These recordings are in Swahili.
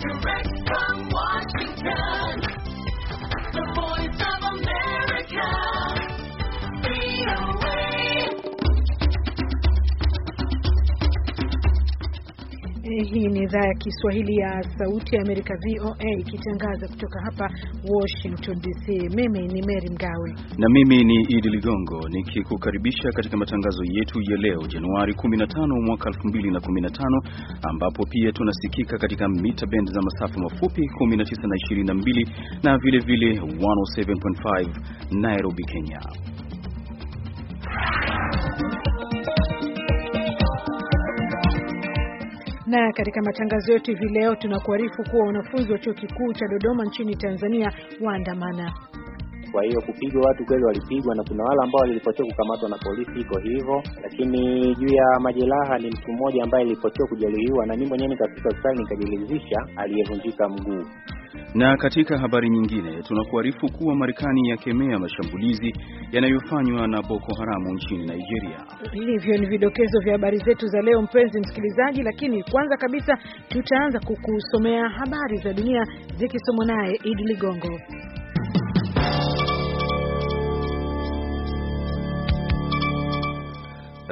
Direct from Washington. Hii ni idhaa ya Kiswahili ya Sauti ya Amerika, VOA, ikitangaza kutoka hapa Washington DC. Mimi ni Mary Mgawe na mimi ni Idi Ligongo nikikukaribisha katika matangazo yetu ya leo Januari 15 mwaka 2015, ambapo pia tunasikika katika mita bend za masafa mafupi 19 na 22 na vilevile 107.5 Nairobi, Kenya. Na katika matangazo yetu hivi leo tunakuarifu kuwa wanafunzi wa chuo kikuu cha Dodoma nchini Tanzania waandamana. Kwa hiyo kupigwa watu kweli walipigwa, na kuna wale ambao waliripotiwa kukamatwa na polisi, iko hivyo. Lakini juu ya majeraha, ni mtu mmoja ambaye aliripotiwa kujeruhiwa, na mimi mwenyewe nikafika hospitali nikajiridhisha aliyevunjika mguu. Na katika habari nyingine tunakuarifu kuwa Marekani yakemea mashambulizi yanayofanywa na Boko Haramu nchini Nigeria. Hivyo ni vidokezo vya habari zetu za leo, mpenzi msikilizaji, lakini kwanza kabisa tutaanza kukusomea habari za dunia zikisomwa naye Idi Ligongo.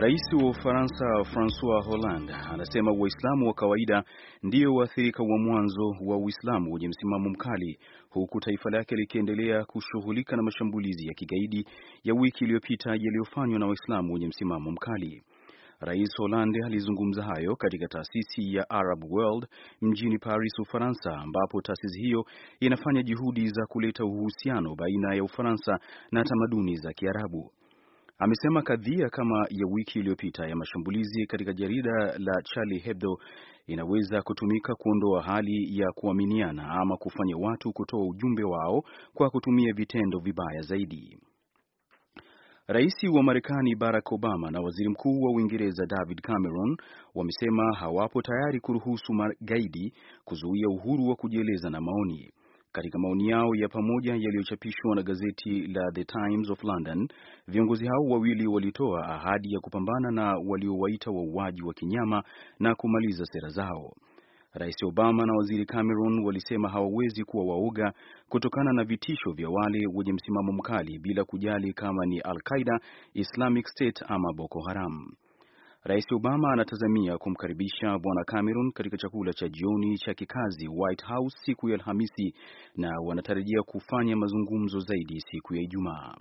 Rais wa Ufaransa Francois Hollande anasema Waislamu wa kawaida ndio waathirika wa mwanzo wa Uislamu wenye msimamo mkali, huku taifa lake likiendelea kushughulika na mashambulizi ya kigaidi ya wiki iliyopita yaliyofanywa na Waislamu wenye msimamo mkali. Rais Hollande alizungumza hayo katika taasisi ya Arab World mjini Paris, Ufaransa, ambapo taasisi hiyo inafanya juhudi za kuleta uhusiano baina ya Ufaransa na tamaduni za Kiarabu amesema kadhia kama ya wiki iliyopita ya mashambulizi katika jarida la Charlie Hebdo inaweza kutumika kuondoa hali ya kuaminiana ama kufanya watu kutoa ujumbe wao kwa kutumia vitendo vibaya zaidi. Rais wa Marekani Barack Obama na Waziri Mkuu wa Uingereza David Cameron wamesema hawapo tayari kuruhusu magaidi kuzuia uhuru wa kujieleza na maoni. Katika maoni yao ya pamoja yaliyochapishwa na gazeti la The Times of London, viongozi hao wawili walitoa ahadi ya kupambana na waliowaita wauaji wa kinyama na kumaliza sera zao. Rais Obama na Waziri Cameron walisema hawawezi kuwa waoga kutokana na vitisho vya wale wenye msimamo mkali bila kujali kama ni Al-Qaeda, Islamic State ama Boko Haram. Rais Obama anatazamia kumkaribisha Bwana Cameron katika chakula cha jioni cha kikazi White House siku ya Alhamisi na wanatarajia kufanya mazungumzo zaidi siku ya Ijumaa.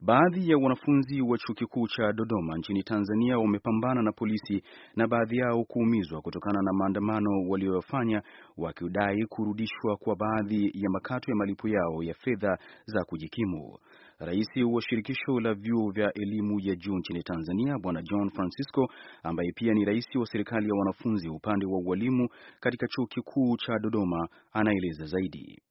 Baadhi ya wanafunzi wa chuo kikuu cha Dodoma nchini Tanzania wamepambana na polisi na baadhi yao kuumizwa kutokana na maandamano waliyofanya wakidai kurudishwa kwa baadhi ya makato ya malipo yao ya fedha za kujikimu. Rais wa shirikisho la vyuo vya elimu ya juu nchini Tanzania Bwana John Francisco, ambaye pia ni rais wa serikali ya wanafunzi upande wa ualimu katika chuo kikuu cha Dodoma, anaeleza zaidi.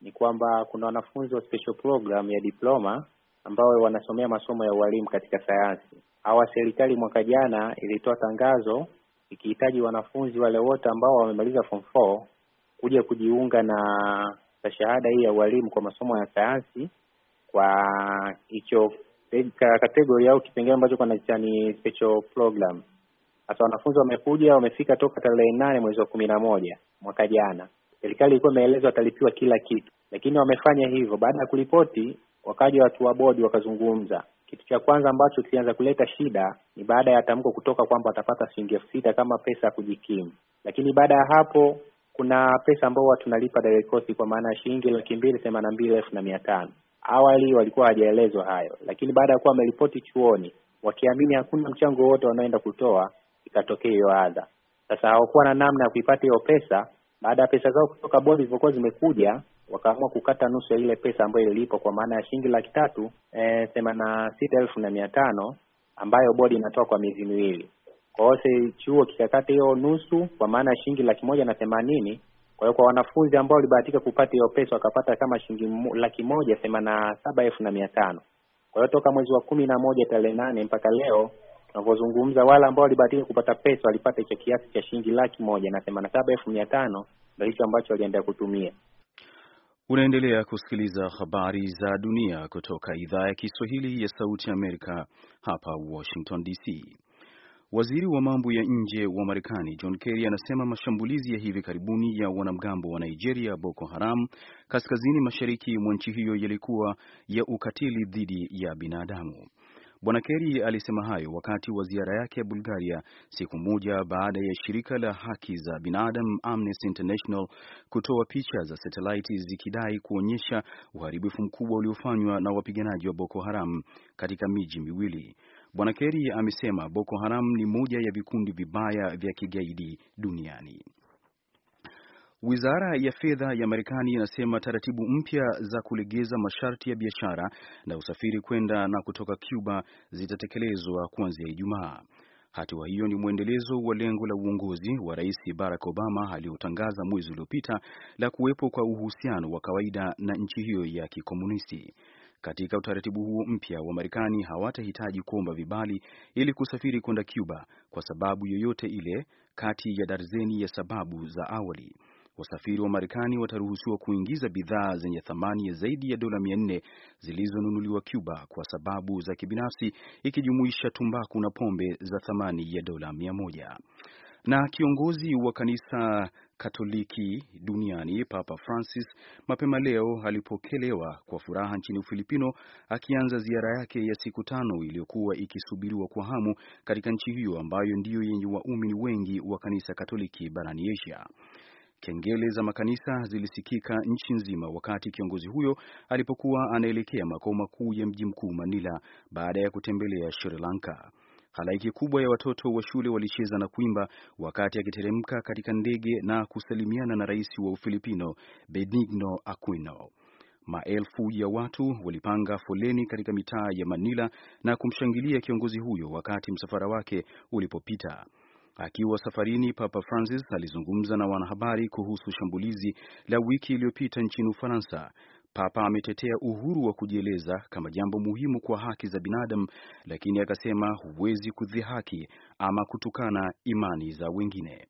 Ni kwamba kuna wanafunzi wa special program ya diploma ambao wanasomea masomo ya ualimu katika sayansi. Hawa serikali mwaka jana ilitoa tangazo ikihitaji wanafunzi wale wote ambao wamemaliza form 4 kuja kujiunga na za shahada hii ya ualimu kwa masomo ya sayansi kwa hicho kategori au kipengele ambacho kanaita ni special program. Sasa wanafunzi wamekuja wamefika toka tarehe nane mwezi wa kumi na moja mwaka jana. Serikali ilikuwa imeelezwa watalipiwa kila kitu, lakini wamefanya hivyo. Baada ya kuripoti wakaja watu wa bodi wakazungumza. Kitu cha kwanza ambacho kilianza kuleta shida ni baada ya tamko kutoka kwamba watapata shilingi elfu sita kama pesa ya kujikimu, lakini baada ya hapo kuna pesa ambao huwa tunalipa direct cost kwa maana ya shilingi laki mbili themanini na mbili elfu na mia tano awali walikuwa hawajaelezwa hayo, lakini baada ya kuwa wameripoti chuoni wakiamini hakuna mchango wowote wanaoenda kutoa, ikatokea hiyo adha. Sasa hawakuwa na namna ya kuipata hiyo pesa. Baada ya pesa zao kutoka bodi zilivyokuwa zimekuja, wakaamua kukata nusu ya ile pesa ambayo ililipwa kwa maana ya shilingi laki tatu eh, themanini na sita elfu na mia tano ambayo bodi inatoa kwa miezi miwili. Kwa wose chuo kikakata hiyo nusu kwa maana ya shilingi laki moja na themanini. Kwa hiyo kwa wanafunzi ambao walibahatika kupata hiyo pesa wakapata kama shilingi laki moja themanini na saba elfu na mia tano. Kwa hiyo toka mwezi wa kumi na moja tarehe nane mpaka leo tunavyozungumza, wale ambao walibahatika kupata pesa walipata hicho kiasi cha shilingi laki moja na themanini na saba elfu mia tano ndo hicho ambacho waliendelea kutumia. Unaendelea kusikiliza habari za dunia kutoka idhaa ya Kiswahili ya Sauti ya Amerika hapa Washington DC. Waziri wa mambo ya nje wa Marekani John Kerry anasema mashambulizi ya hivi karibuni ya wanamgambo wa Nigeria Boko Haram kaskazini mashariki mwa nchi hiyo yalikuwa ya ukatili dhidi ya binadamu. Bwana Kerry alisema hayo wakati wa ziara yake ya Bulgaria, siku moja baada ya shirika la haki za binadamu Amnesty International kutoa picha za satellite zikidai kuonyesha uharibifu mkubwa uliofanywa na wapiganaji wa Boko Haram katika miji miwili. Bwana Kerry amesema Boko Haram ni moja ya vikundi vibaya vya kigaidi duniani. Wizara ya fedha ya Marekani inasema taratibu mpya za kulegeza masharti ya biashara na usafiri kwenda na kutoka Cuba zitatekelezwa kuanzia Ijumaa. Hatua hiyo ni mwendelezo wa lengo la uongozi wa Rais Barack Obama aliyotangaza mwezi uliopita la kuwepo kwa uhusiano wa kawaida na nchi hiyo ya kikomunisti. Katika utaratibu huo mpya, Wamarekani hawatahitaji kuomba vibali ili kusafiri kwenda Cuba kwa sababu yoyote ile kati ya darzeni ya sababu za awali. Wasafiri wa Marekani wataruhusiwa kuingiza bidhaa zenye thamani ya zaidi ya dola 400 zilizonunuliwa Cuba kwa sababu za kibinafsi, ikijumuisha tumbaku na pombe za thamani ya dola 100. Na kiongozi wa kanisa Katoliki duniani Papa Francis mapema leo alipokelewa kwa furaha nchini Ufilipino akianza ziara yake ya siku tano iliyokuwa ikisubiriwa kwa hamu katika nchi hiyo ambayo ndiyo yenye waumini wengi wa kanisa Katoliki barani Asia. Kengele za makanisa zilisikika nchi nzima wakati kiongozi huyo alipokuwa anaelekea makao makuu ya mji mkuu Manila baada ya kutembelea Sri Lanka. Halaiki kubwa ya watoto wa shule walicheza na kuimba wakati akiteremka katika ndege na kusalimiana na rais wa Ufilipino Benigno Aquino. Maelfu ya watu walipanga foleni katika mitaa ya Manila na kumshangilia kiongozi huyo wakati msafara wake ulipopita. Akiwa safarini, Papa Francis alizungumza na wanahabari kuhusu shambulizi la wiki iliyopita nchini Ufaransa Papa ametetea uhuru wa kujieleza kama jambo muhimu kwa haki za binadamu, lakini akasema huwezi kudhihaki ama kutukana imani za wengine.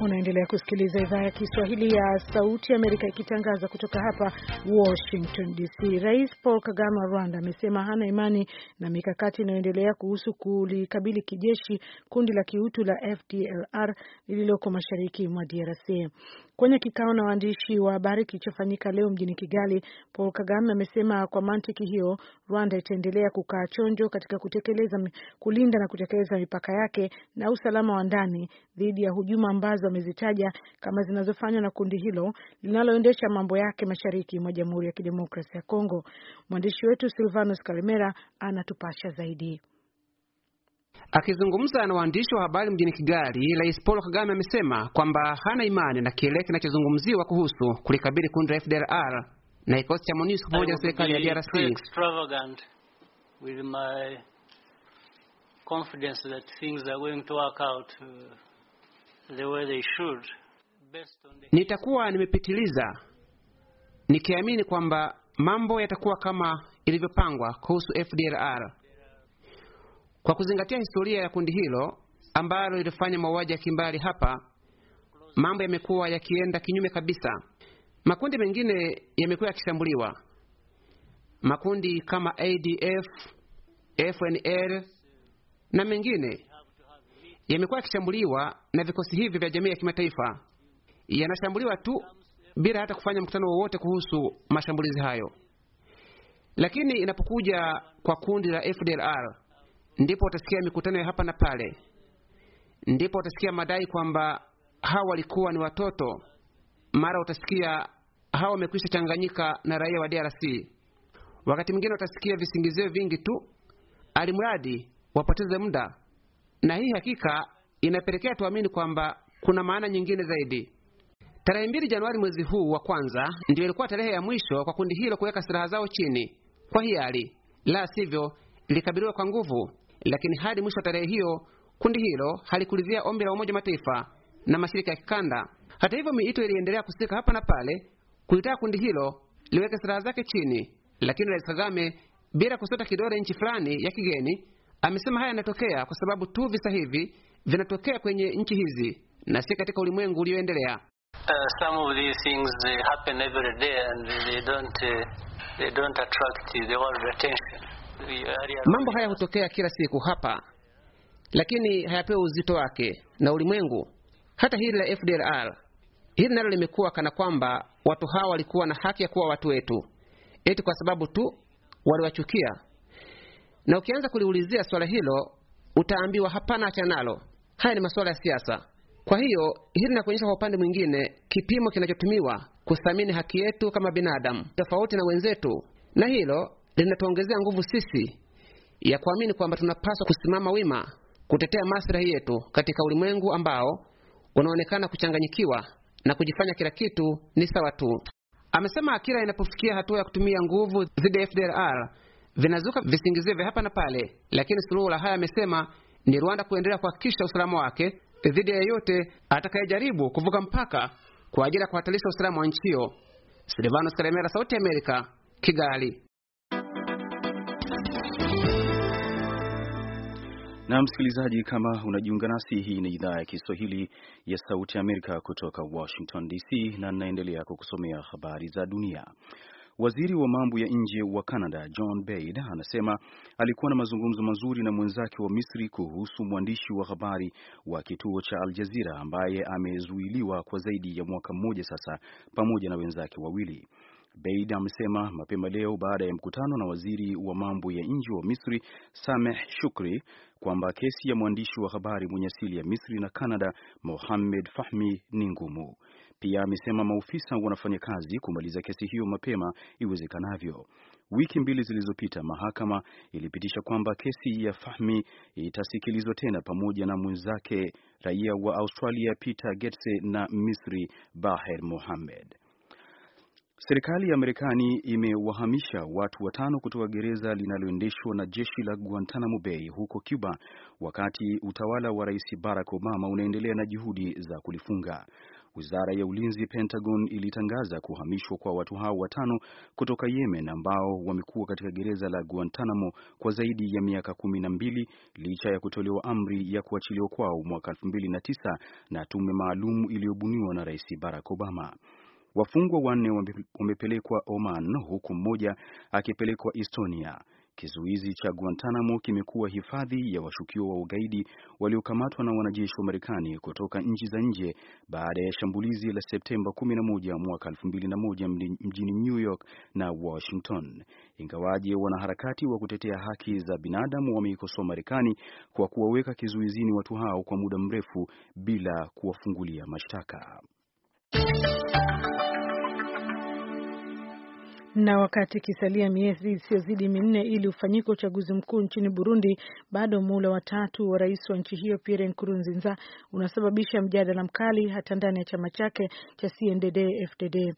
Unaendelea kusikiliza idhaa ya Kiswahili ya Sauti Amerika ikitangaza kutoka hapa Washington DC. Rais Paul Kagame wa Rwanda amesema hana imani na mikakati inayoendelea kuhusu kulikabili kijeshi kundi la kiutu la FDLR lililoko mashariki mwa DRC. Kwenye kikao na waandishi wa habari kilichofanyika leo mjini Kigali, Paul Kagame amesema kwa mantiki hiyo Rwanda itaendelea kukaa chonjo katika kutekeleza, kulinda na kutekeleza mipaka yake na usalama wa ndani dhidi ya hujuma ambazo amezitaja kama zinazofanywa na kundi hilo linaloendesha mambo yake mashariki mwa Jamhuri ya Kidemokrasia ya Kongo. Mwandishi wetu Silvanus kalimera anatupasha zaidi. Akizungumza na waandishi wa habari mjini Kigali, Rais Paul Kagame amesema kwamba hana imani na kile kinachozungumziwa kuhusu kulikabili kundi la FDLR na kikosi cha MONUSCO pamoja na serikali ya DRC. Uh, Nitakuwa nimepitiliza nikiamini kwamba mambo yatakuwa kama ilivyopangwa kuhusu FDLR. Kwa kuzingatia historia ya kundi hilo ambalo lilifanya mauaji ya kimbali hapa, mambo yamekuwa yakienda kinyume kabisa. Makundi mengine yamekuwa yakishambuliwa, makundi kama ADF, FNL na mengine yamekuwa yakishambuliwa na vikosi hivi vya jamii ya kimataifa. Yanashambuliwa tu bila hata kufanya mkutano wowote kuhusu mashambulizi hayo, lakini inapokuja kwa kundi la FDLR ndipo utasikia mikutano ya hapa na pale, ndipo utasikia madai kwamba hawa walikuwa ni watoto, mara utasikia hawa wamekwisha changanyika na raia wa DRC. Wakati mwingine utasikia visingizio vingi tu, alimradi wapoteze muda, na hii hakika inapelekea tuamini kwamba kuna maana nyingine zaidi. Tarehe mbili Januari mwezi huu wa kwanza ndio ilikuwa tarehe ya mwisho kwa kundi hilo kuweka silaha zao chini kwa hiari, la sivyo likabiliwa kwa nguvu lakini hadi mwisho wa tarehe hiyo kundi hilo halikulizia ombi la Umoja Mataifa na mashirika ya kikanda. Hata hivyo, miito iliendelea kusika hapa na pale kulitaka kundi hilo liweke silaha zake chini, lakini Rais Kagame bila kusota kidole nchi fulani ya kigeni amesema haya yanatokea kwa sababu tu visa hivi vinatokea kwenye nchi hizi na si katika ulimwengu ulioendelea. Uh, Mambo haya hutokea kila siku hapa, lakini hayapewi uzito wake na ulimwengu, hata hili la FDLR. Hili nalo limekuwa kana kwamba watu hawa walikuwa na haki ya kuwa watu wetu, eti kwa sababu tu waliwachukia. Na ukianza kuliulizia swala hilo utaambiwa hapana, acha nalo, haya ni masuala ya siasa. Kwa hiyo hili linakuonyesha kwa upande mwingine kipimo kinachotumiwa kuthamini haki yetu kama binadamu, tofauti na wenzetu, na hilo linatuongezea nguvu sisi ya kuamini kwamba tunapaswa kusimama wima kutetea maslahi yetu katika ulimwengu ambao unaonekana kuchanganyikiwa na kujifanya kila kitu ni sawa tu. Amesema akira inapofikia hatua ya kutumia nguvu dhidi ya FDLR vinazuka visingizio vya hapa na pale, lakini suluhu la haya amesema ni Rwanda kuendelea kuhakikisha usalama wake dhidi ya yeyote atakayejaribu kuvuka mpaka kwa ajili ya kuhatarisha usalama wa nchi hiyo. Silvanos Karemera, Sauti ya Amerika, Kigali. Na msikilizaji, kama unajiunga nasi, hii ni idhaa ya Kiswahili ya Sauti ya Amerika kutoka Washington DC, na ninaendelea kukusomea habari za dunia. Waziri wa mambo ya nje wa Canada John Baird anasema alikuwa na mazungumzo mazuri na mwenzake wa Misri kuhusu mwandishi wa habari wa kituo cha Al Jazeera ambaye amezuiliwa kwa zaidi ya mwaka mmoja sasa pamoja na wenzake wawili. Beid amesema mapema leo baada ya mkutano na waziri wa mambo ya nje wa Misri Sameh Shukri kwamba kesi ya mwandishi wa habari mwenye asili ya Misri na Kanada Mohamed Fahmi ni ngumu. Pia amesema maofisa wanafanya kazi kumaliza kesi hiyo mapema iwezekanavyo. Wiki mbili zilizopita, mahakama ilipitisha kwamba kesi ya Fahmi itasikilizwa tena pamoja na mwenzake raia wa Australia Peter Getse na Misri Baher Mohamed. Serikali ya Marekani imewahamisha watu watano kutoka gereza linaloendeshwa na jeshi la Guantanamo Bay huko Cuba wakati utawala wa Rais Barack Obama unaendelea na juhudi za kulifunga. Wizara ya Ulinzi Pentagon ilitangaza kuhamishwa kwa watu hao watano kutoka Yemen ambao wamekuwa katika gereza la Guantanamo kwa zaidi ya miaka kumi na mbili licha ya kutolewa amri ya kuachiliwa kwao mwaka 2009 na tume maalum iliyobuniwa na Rais Barack Obama. Wafungwa wanne wamepelekwa Oman huku mmoja akipelekwa Estonia. Kizuizi cha Guantanamo kimekuwa hifadhi ya washukiwa wa ugaidi waliokamatwa na wanajeshi wa Marekani kutoka nchi za nje baada ya shambulizi la Septemba 11 mwaka 2001 mjini New York na Washington. Ingawaje wanaharakati wa kutetea haki za binadamu wameikosoa Marekani kwa kuwaweka kizuizini watu hao kwa muda mrefu bila kuwafungulia mashtaka. Na wakati ikisalia miezi isiyozidi minne ili ufanyike uchaguzi mkuu nchini Burundi, bado muhula tatu wa rais wa nchi hiyo Pierre Nkurunziza unasababisha mjadala mkali hata ndani ya chama chake cha CNDD-FDD.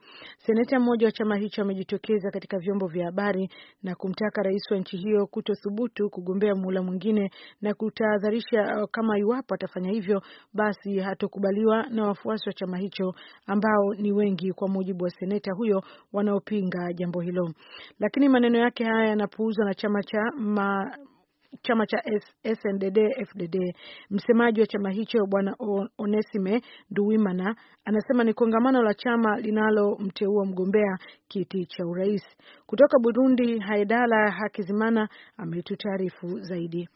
Seneta mmoja wa chama hicho amejitokeza katika vyombo vya habari na kumtaka rais wa nchi hiyo kutothubutu kugombea muhula mwingine na kutahadharisha uh, kama iwapo atafanya hivyo, basi hatokubaliwa na wafuasi wa chama hicho ambao ni wengi, kwa mujibu wa seneta huyo, wanaopinga jambo hilo, lakini maneno yake haya yanapuuzwa na chama cha ma chama cha SNDD FDD. Msemaji wa chama hicho Bwana Onesime Nduwimana anasema ni kongamano la chama linalomteua mgombea kiti cha urais kutoka Burundi. Haidala Hakizimana ametutaarifu taarifu zaidi.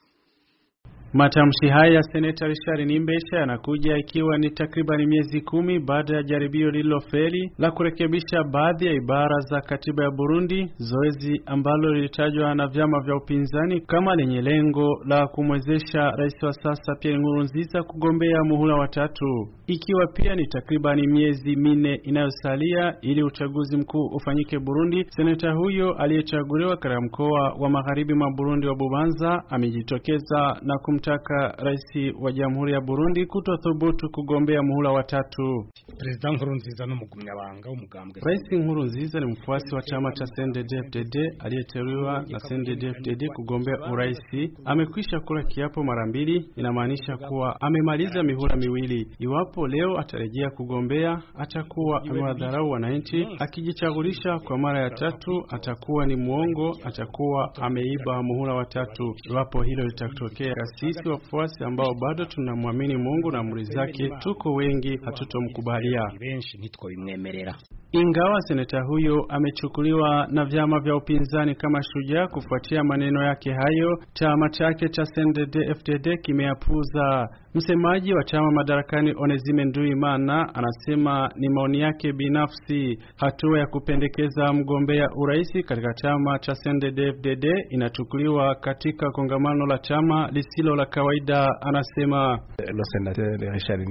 Matamshi haya ya seneta Richard Nimbesha yanakuja ikiwa ni takriban miezi kumi baada ya jaribio lililofeli la kurekebisha baadhi ya ibara za katiba ya Burundi, zoezi ambalo lilitajwa na vyama vya upinzani kama lenye lengo la kumwezesha rais wa sasa Pierre Nkurunziza kugombea muhula wa tatu, ikiwa pia ni takriban miezi minne inayosalia ili uchaguzi mkuu ufanyike Burundi. Seneta huyo aliyechaguliwa katika mkoa wa magharibi mwa Burundi wa Bubanza amejitokeza na kum kumtaka rais wa jamhuri ya Burundi kutothubutu kugombea muhula wa tatu. Rais Nkurunziza ni mfuasi wa chama cha CNDD-FDD aliyeteuliwa na CNDD-FDD kugombea urais. Amekwisha kula kiapo mara mbili, inamaanisha kuwa amemaliza mihula miwili. Iwapo leo atarejea kugombea, atakuwa amewadharau wananchi. Akijichagulisha kwa mara ya tatu, atakuwa ni mwongo, atakuwa ameiba muhula wa tatu. Iwapo hilo litatokea, sisi wafuasi ambao bado tunamwamini Mungu na amri zake, tuko wengi hatutomkubalia ingawa seneta huyo amechukuliwa na vyama vya upinzani kama shujaa kufuatia maneno yake hayo, chama chake cha CNDD-FDD kimeyapuza. Msemaji wa chama madarakani Onezime Nduimana anasema ni maoni yake binafsi. Hatua ya kupendekeza mgombea urais katika chama cha CNDD-FDD inachukuliwa katika kongamano la chama lisilo la kawaida, anasema seneta Richard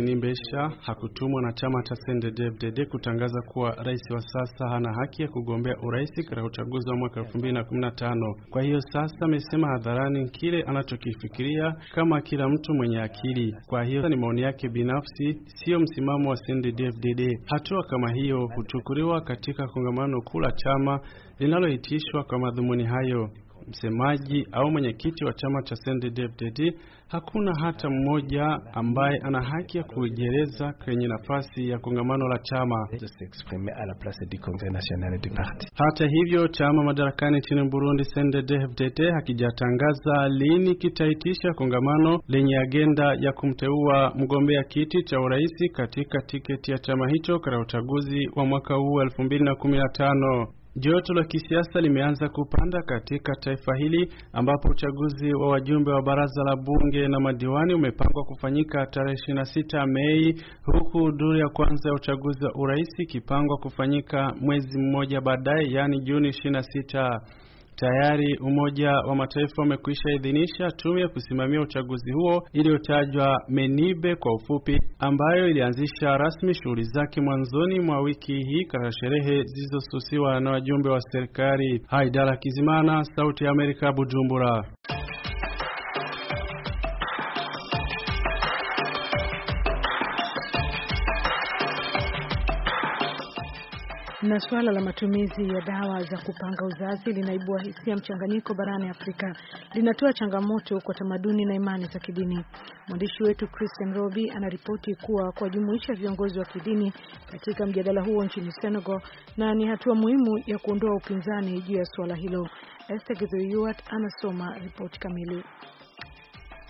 Nimbesha Kabila hakutumwa na chama cha CNDD-FDD kutangaza kuwa rais wa sasa hana haki ya kugombea urais katika uchaguzi wa mwaka 2015. Kwa hiyo sasa amesema hadharani kile anachokifikiria kama kila mtu mwenye akili. Kwa hiyo ni maoni yake binafsi, siyo msimamo wa CNDD-FDD. Hatua kama hiyo huchukuliwa katika kongamano kuu la chama linaloitishwa kwa madhumuni hayo msemaji au mwenyekiti wa chama cha CNDD-FDD, hakuna hata mmoja ambaye ana haki ya kujieleza kwenye nafasi ya kongamano la chama. Hata hivyo, chama madarakani nchini Burundi CNDD-FDD hakijatangaza lini kitaitisha kongamano lenye agenda ya kumteua mgombea kiti cha urais katika tiketi ya chama hicho katika uchaguzi wa mwaka huu 2015. Joto la kisiasa limeanza kupanda katika taifa hili ambapo uchaguzi wa wajumbe wa baraza la bunge na madiwani umepangwa kufanyika tarehe 26 Mei, huku duru ya kwanza ya uchaguzi wa urais ikipangwa kufanyika mwezi mmoja baadaye, yaani Juni 26. Tayari Umoja wa Mataifa umekwisha idhinisha tume ya kusimamia uchaguzi huo iliyotajwa Menibe kwa ufupi, ambayo ilianzisha rasmi shughuli zake mwanzoni mwa wiki hii katika sherehe zilizosusiwa na wajumbe wa serikali. Haidara Kizimana, Sauti ya Amerika, Bujumbura. na suala la matumizi ya dawa za kupanga uzazi linaibua hisia mchanganyiko barani Afrika, linatoa changamoto kwa tamaduni na imani za kidini. Mwandishi wetu Christian Robi anaripoti kuwa kwa jumuisha viongozi wa kidini katika mjadala huo nchini Senegal, na ni hatua muhimu ya kuondoa upinzani juu ya suala hilo. Esther Githuiyot anasoma ripoti kamili.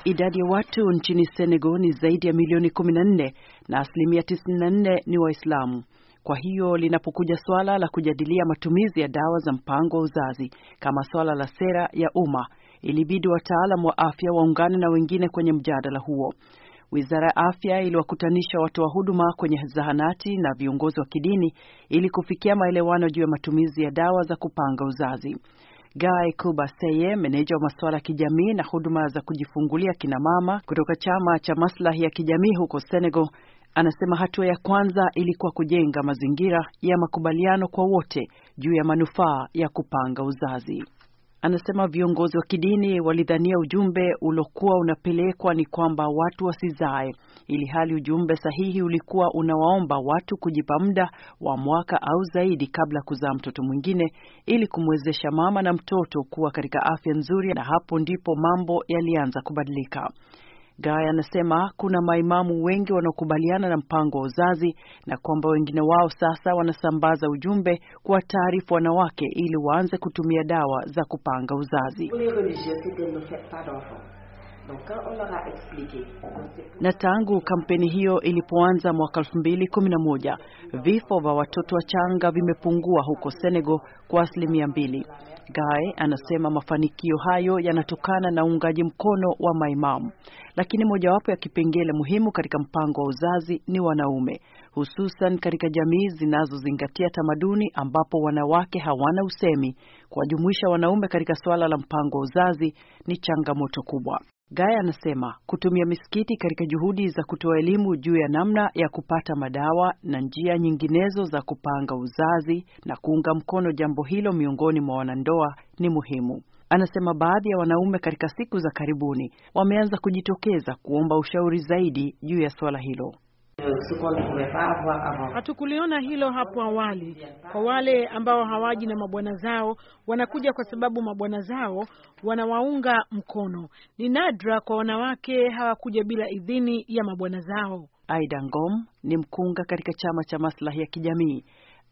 Idadi ya watu nchini Senegal ni zaidi ya milioni 14 na asilimia 94 ni Waislamu. Kwa hiyo linapokuja swala la kujadilia matumizi ya dawa za mpango wa uzazi kama swala la sera ya umma, ilibidi wataalam wa afya waungane na wengine kwenye mjadala huo. Wizara ya Afya iliwakutanisha watoa wa huduma kwenye zahanati na viongozi wa kidini ili kufikia maelewano juu ya matumizi ya dawa za kupanga uzazi. Guy Kuba Seye, meneja wa masuala ya kijamii na huduma za kujifungulia kinamama kutoka chama cha maslahi ya kijamii huko Senegal, Anasema hatua ya kwanza ilikuwa kujenga mazingira ya makubaliano kwa wote juu ya manufaa ya kupanga uzazi. Anasema viongozi wa kidini walidhania ujumbe uliokuwa unapelekwa ni kwamba watu wasizae, ili hali ujumbe sahihi ulikuwa unawaomba watu kujipa muda wa mwaka au zaidi kabla ya kuzaa mtoto mwingine, ili kumwezesha mama na mtoto kuwa katika afya nzuri, na hapo ndipo mambo yalianza kubadilika. Gaya anasema kuna maimamu wengi wanaokubaliana na mpango wa uzazi na kwamba wengine wao sasa wanasambaza ujumbe taarifu wanawake ili waanze kutumia dawa za kupanga uzazi. Na tangu kampeni hiyo ilipoanza mwaka 2011 vifo vya watoto wachanga vimepungua huko Senegal kwa asilimia mbili. Gae anasema mafanikio hayo yanatokana na uungaji mkono wa maimamu, lakini mojawapo ya kipengele muhimu katika mpango wa uzazi ni wanaume, hususan katika jamii zinazozingatia tamaduni ambapo wanawake hawana usemi. Kuwajumuisha wanaume katika suala la mpango wa uzazi ni changamoto kubwa. Gaya anasema kutumia misikiti katika juhudi za kutoa elimu juu ya namna ya kupata madawa na njia nyinginezo za kupanga uzazi na kuunga mkono jambo hilo miongoni mwa wanandoa ni muhimu. Anasema baadhi ya wanaume katika siku za karibuni wameanza kujitokeza kuomba ushauri zaidi juu ya suala hilo. Hatukuliona hilo hapo awali. Kwa wale ambao hawaji na mabwana zao, wanakuja kwa sababu mabwana zao wanawaunga mkono. Ni nadra kwa wanawake hawakuja bila idhini ya mabwana zao. Aida Ngom ni mkunga katika chama cha maslahi ya kijamii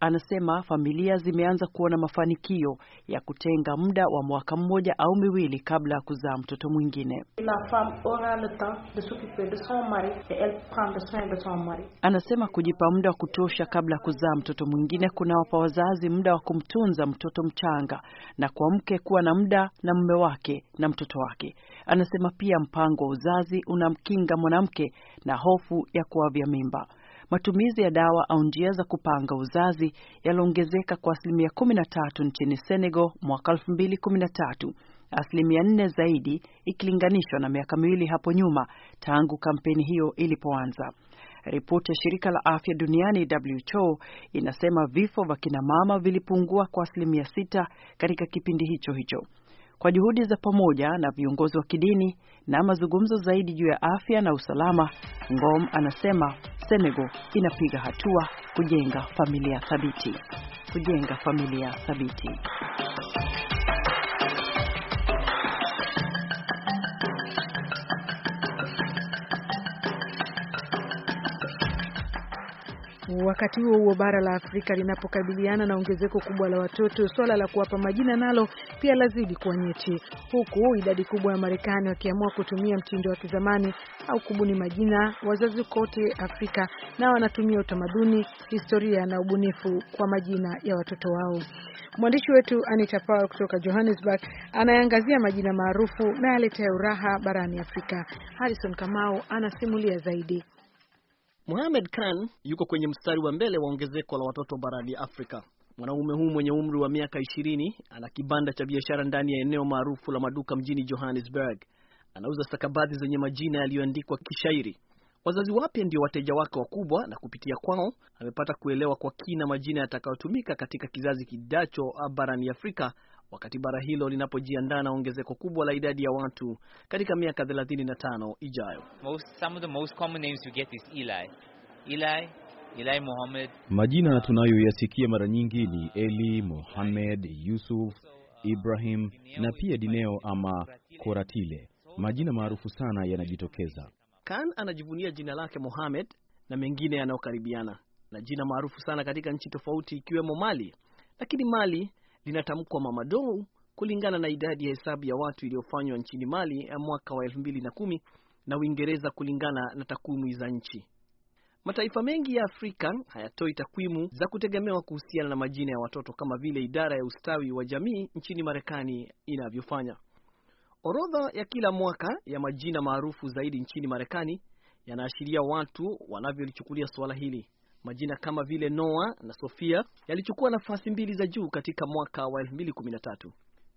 Anasema familia zimeanza kuona mafanikio ya kutenga muda wa mwaka mmoja au miwili kabla ya kuzaa mtoto mwingine. Anasema kujipa muda wa kutosha kabla ya kuzaa mtoto mwingine kunawapa wazazi muda wa kumtunza mtoto mchanga na kwa mke kuwa na muda na mume wake na mtoto wake. Anasema pia mpango wa uzazi unamkinga mwanamke na hofu ya kuavya mimba matumizi ya dawa au njia za kupanga uzazi yaliongezeka kwa asilimia 13 nchini Senegal mwaka 2013, asilimia nne zaidi ikilinganishwa na miaka miwili hapo nyuma tangu kampeni hiyo ilipoanza. Ripoti ya shirika la afya duniani WHO inasema vifo vya kinamama vilipungua kwa asilimia sita katika kipindi hicho hicho kwa juhudi za pamoja na viongozi wa kidini na mazungumzo zaidi juu ya afya na usalama. Ngom anasema Senegal inapiga hatua kujenga familia thabiti, kujenga familia thabiti. Wakati huo huo, bara la Afrika linapokabiliana na ongezeko kubwa la watoto, swala la kuwapa majina nalo pia lazidi kuwa nyeti, huku idadi kubwa ya Marekani wakiamua kutumia mtindo wa kizamani au kubuni majina. Wazazi kote Afrika nao wanatumia utamaduni, historia na ubunifu kwa majina ya watoto wao. Mwandishi wetu Anita Powell kutoka Johannesburg anayeangazia majina maarufu na yaletayo raha barani Afrika. Harrison Kamau anasimulia zaidi. Mohamed Khan yuko kwenye mstari wa mbele wa ongezeko la watoto barani Afrika. Mwanaume huu mwenye umri wa miaka ishirini ana kibanda cha biashara ndani ya eneo maarufu la maduka mjini Johannesburg. Anauza stakabadhi zenye majina yaliyoandikwa kishairi. Wazazi wapya ndio wateja wake wakubwa, na kupitia kwao amepata kuelewa kwa kina majina yatakayotumika katika kizazi kijacho ah, barani Afrika, wakati bara hilo linapojiandaa na ongezeko kubwa la idadi ya watu katika miaka 35 ijayo. Most, some of the most common names you get is Eli. Eli, Eli Majina tunayoyasikia mara nyingi ni Eli, Mohamed, Yusuf, Ibrahim na pia Dineo ama Koratile. Majina maarufu sana yanajitokeza. kan anajivunia jina lake Mohamed na mengine yanayokaribiana na jina maarufu sana katika nchi tofauti ikiwemo Mali, lakini Mali linatamkwa Mamadou kulingana na idadi ya hesabu ya watu iliyofanywa nchini Mali mwaka wa 2010 na Uingereza kulingana na takwimu za nchi. Mataifa mengi ya Afrika hayatoi takwimu za kutegemewa kuhusiana na majina ya watoto kama vile idara ya ustawi wa jamii nchini Marekani inavyofanya. Orodha ya kila mwaka ya majina maarufu zaidi nchini Marekani yanaashiria watu wanavyolichukulia suala hili. Majina kama vile Noah na Sofia yalichukua nafasi mbili za juu katika mwaka wa 2013.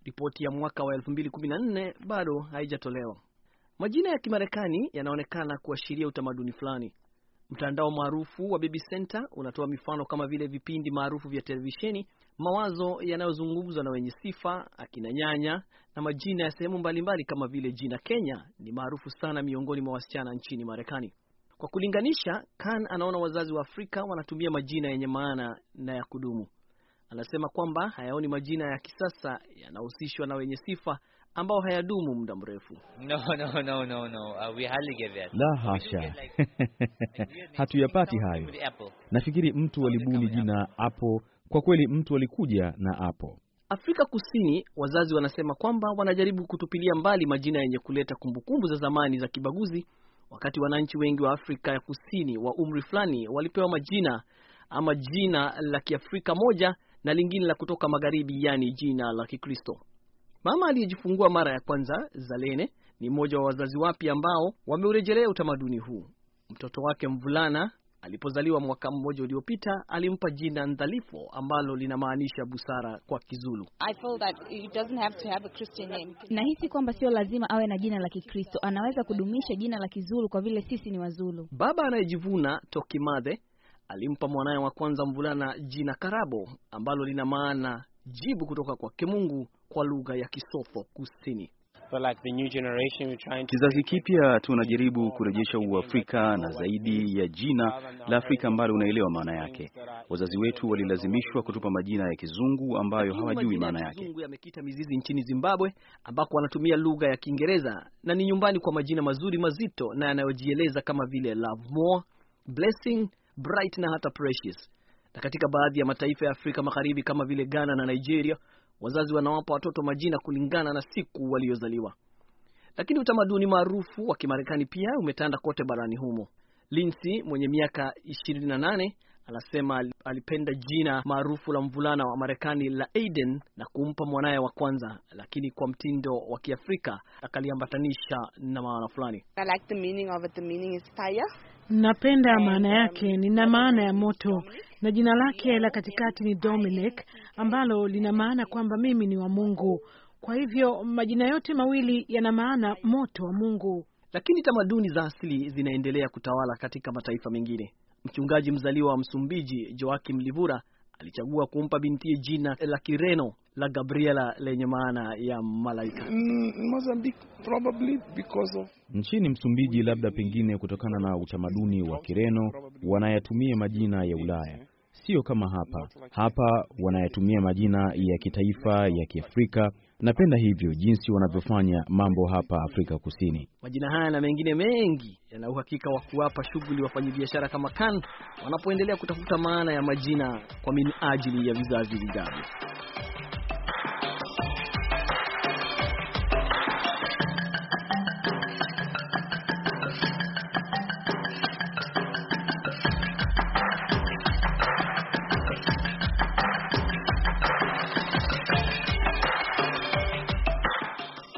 Ripoti ya mwaka wa 2014 bado haijatolewa. Majina ya Kimarekani yanaonekana kuashiria utamaduni fulani. Mtandao maarufu wa Baby Center unatoa mifano kama vile vipindi maarufu vya televisheni, mawazo yanayozungumzwa na wenye sifa, akina nyanya na majina ya sehemu mbalimbali kama vile jina Kenya ni maarufu sana miongoni mwa wasichana nchini Marekani. Kwa kulinganisha, Khan anaona wazazi wa Afrika wanatumia majina yenye maana na ya kudumu. Anasema kwamba hayaoni majina ya kisasa yanahusishwa na wenye sifa ambao hayadumu muda mrefu. No, no, no, no, no. Uh, we hardly get that. La hasha, hatuyapati hayo. Nafikiri mtu alibuni jina Apple. Kwa kweli mtu alikuja na Apple. Afrika Kusini, wazazi wanasema kwamba wanajaribu kutupilia mbali majina yenye kuleta kumbukumbu za zamani za kibaguzi wakati wananchi wengi wa Afrika ya Kusini wa umri fulani walipewa majina ama jina la Kiafrika moja na lingine la kutoka magharibi, yaani jina la Kikristo. Mama aliyejifungua mara ya kwanza Zalene ni mmoja wa wazazi wapya ambao wameurejelea utamaduni huu. Mtoto wake mvulana Alipozaliwa mwaka mmoja uliopita, alimpa jina Ndhalifo ambalo linamaanisha busara kwa Kizulu. Nahisi kwamba sio lazima awe na jina la Kikristo, anaweza kudumisha jina la Kizulu kwa vile sisi ni Wazulu. Baba anayejivuna Toki Madhe alimpa mwanaye wa kwanza mvulana jina Karabo ambalo lina maana jibu kutoka kwa Kimungu kwa lugha ya Kisotho Kusini. Kizazi kipya tunajaribu kurejesha Uafrika na zaidi ya jina la Afrika ambalo unaelewa maana yake. Wazazi wetu walilazimishwa kutupa majina ya kizungu ambayo hawajui maana yake. Kizungu yamekita mizizi nchini Zimbabwe ambako wanatumia lugha ya Kiingereza na ni nyumbani kwa majina mazuri mazito na yanayojieleza kama vile Love More, Blessing, Bright na hata Precious. Na katika baadhi ya mataifa ya Afrika Magharibi kama vile Ghana na Nigeria Wazazi wanawapa watoto majina kulingana na siku waliozaliwa. Lakini utamaduni maarufu wa Kimarekani pia umetanda kote barani humo. Lindsay mwenye miaka 28 anasema alipenda jina maarufu la mvulana wa Marekani la Aiden na kumpa mwanaye wa kwanza, lakini kwa mtindo wa Kiafrika akaliambatanisha na maana fulani. Napenda maana yake, nina maana ya moto, na jina lake la katikati ni Dominic ambalo lina maana kwamba mimi ni wa Mungu. Kwa hivyo majina yote mawili yana maana moto wa Mungu. Lakini tamaduni za asili zinaendelea kutawala katika mataifa mengine. Mchungaji mzaliwa wa Msumbiji Joakim Livura alichagua kumpa bintie jina la Kireno la Gabriela lenye maana ya malaika. Mm, Mozambique, probably because of... nchini Msumbiji, labda pengine kutokana na utamaduni wa Kireno wanayatumia majina ya Ulaya, sio kama hapa. Hapa wanayatumia majina ya kitaifa ya Kiafrika Napenda hivyo jinsi wanavyofanya mambo hapa Afrika Kusini. Majina haya na mengine mengi yana uhakika wa kuwapa shughuli wafanyabiashara kama Kan wanapoendelea kutafuta maana ya majina kwa minajili ya vizazi vijavyo.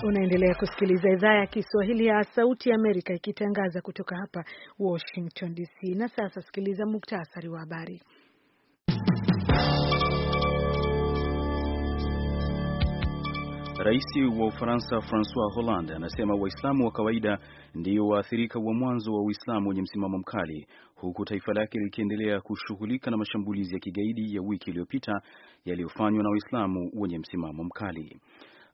Unaendelea kusikiliza idhaa ya Kiswahili ya Sauti ya Amerika ikitangaza kutoka hapa Washington DC. Na sasa sikiliza muktasari wa habari. Rais wa Ufaransa Francois Hollande anasema Waislamu wa kawaida ndio waathirika wa mwanzo wa Uislamu wenye msimamo mkali, huku taifa lake likiendelea kushughulika na mashambulizi ya kigaidi ya wiki iliyopita yaliyofanywa na Waislamu wenye msimamo mkali.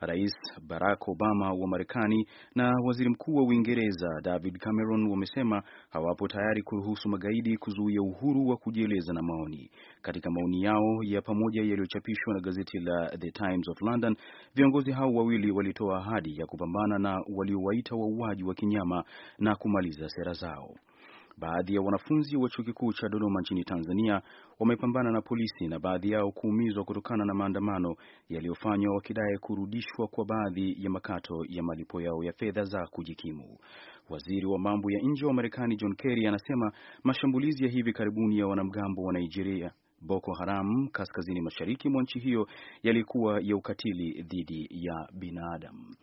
Rais Barack Obama wa Marekani na Waziri Mkuu wa Uingereza David Cameron wamesema hawapo tayari kuruhusu magaidi kuzuia uhuru wa kujieleza na maoni. Katika maoni yao ya pamoja yaliyochapishwa na gazeti la The Times of London, viongozi hao wawili walitoa ahadi ya kupambana na waliowaita wauaji wa kinyama na kumaliza sera zao. Baadhi ya wanafunzi wa chuo kikuu cha Dodoma nchini Tanzania wamepambana na polisi na baadhi yao kuumizwa kutokana na maandamano yaliyofanywa wakidai kurudishwa kwa baadhi ya makato ya malipo yao ya fedha za kujikimu. Waziri wa mambo ya nje wa Marekani John Kerry anasema mashambulizi ya hivi karibuni ya wanamgambo wa Nigeria Boko Haram kaskazini mashariki mwa nchi hiyo yalikuwa ya ukatili dhidi ya binadamu.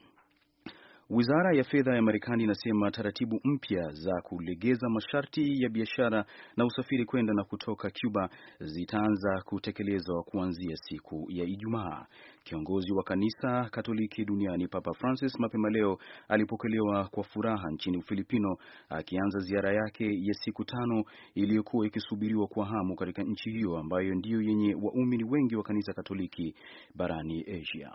Wizara ya fedha ya Marekani inasema taratibu mpya za kulegeza masharti ya biashara na usafiri kwenda na kutoka Cuba zitaanza kutekelezwa kuanzia siku ya Ijumaa. Kiongozi wa kanisa Katoliki duniani Papa Francis mapema leo alipokelewa kwa furaha nchini Ufilipino, akianza ziara yake ya siku tano iliyokuwa ikisubiriwa kwa hamu katika nchi hiyo ambayo ndiyo yenye waumini wengi wa kanisa Katoliki barani Asia.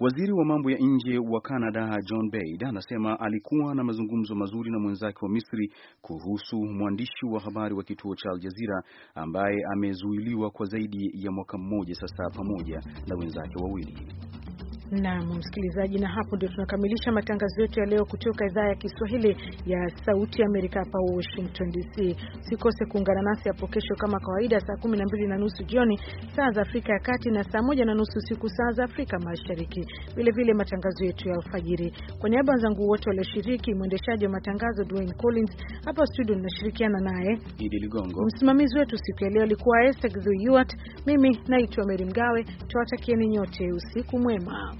Waziri wa mambo ya nje wa Canada John Baird anasema alikuwa na mazungumzo mazuri na mwenzake wa Misri kuhusu mwandishi wa habari wa kituo cha Al Jazeera ambaye amezuiliwa kwa zaidi ya mwaka mmoja sasa pamoja na wenzake wawili. Naam msikilizaji, na hapo ndio tunakamilisha matangazo yetu ya leo kutoka idhaa ya Kiswahili ya Sauti Amerika hapa Washington DC. Usikose kuungana nasi hapo kesho kama kawaida, saa kumi na mbili na nusu jioni saa za Afrika ya Kati na saa moja na nusu usiku saa za Afrika Mashariki, vilevile matangazo yetu ya alfajiri. Kwa niaba zangu wote walioshiriki, mwendeshaji wa matangazo Dwayne Collins, hapa studio ninashirikiana naye Idi Ligongo, msimamizi wetu siku ya leo alikuwa Esther Yuat, mimi naitwa Meri Mgawe. Tuwatakieni nyote usiku mwema.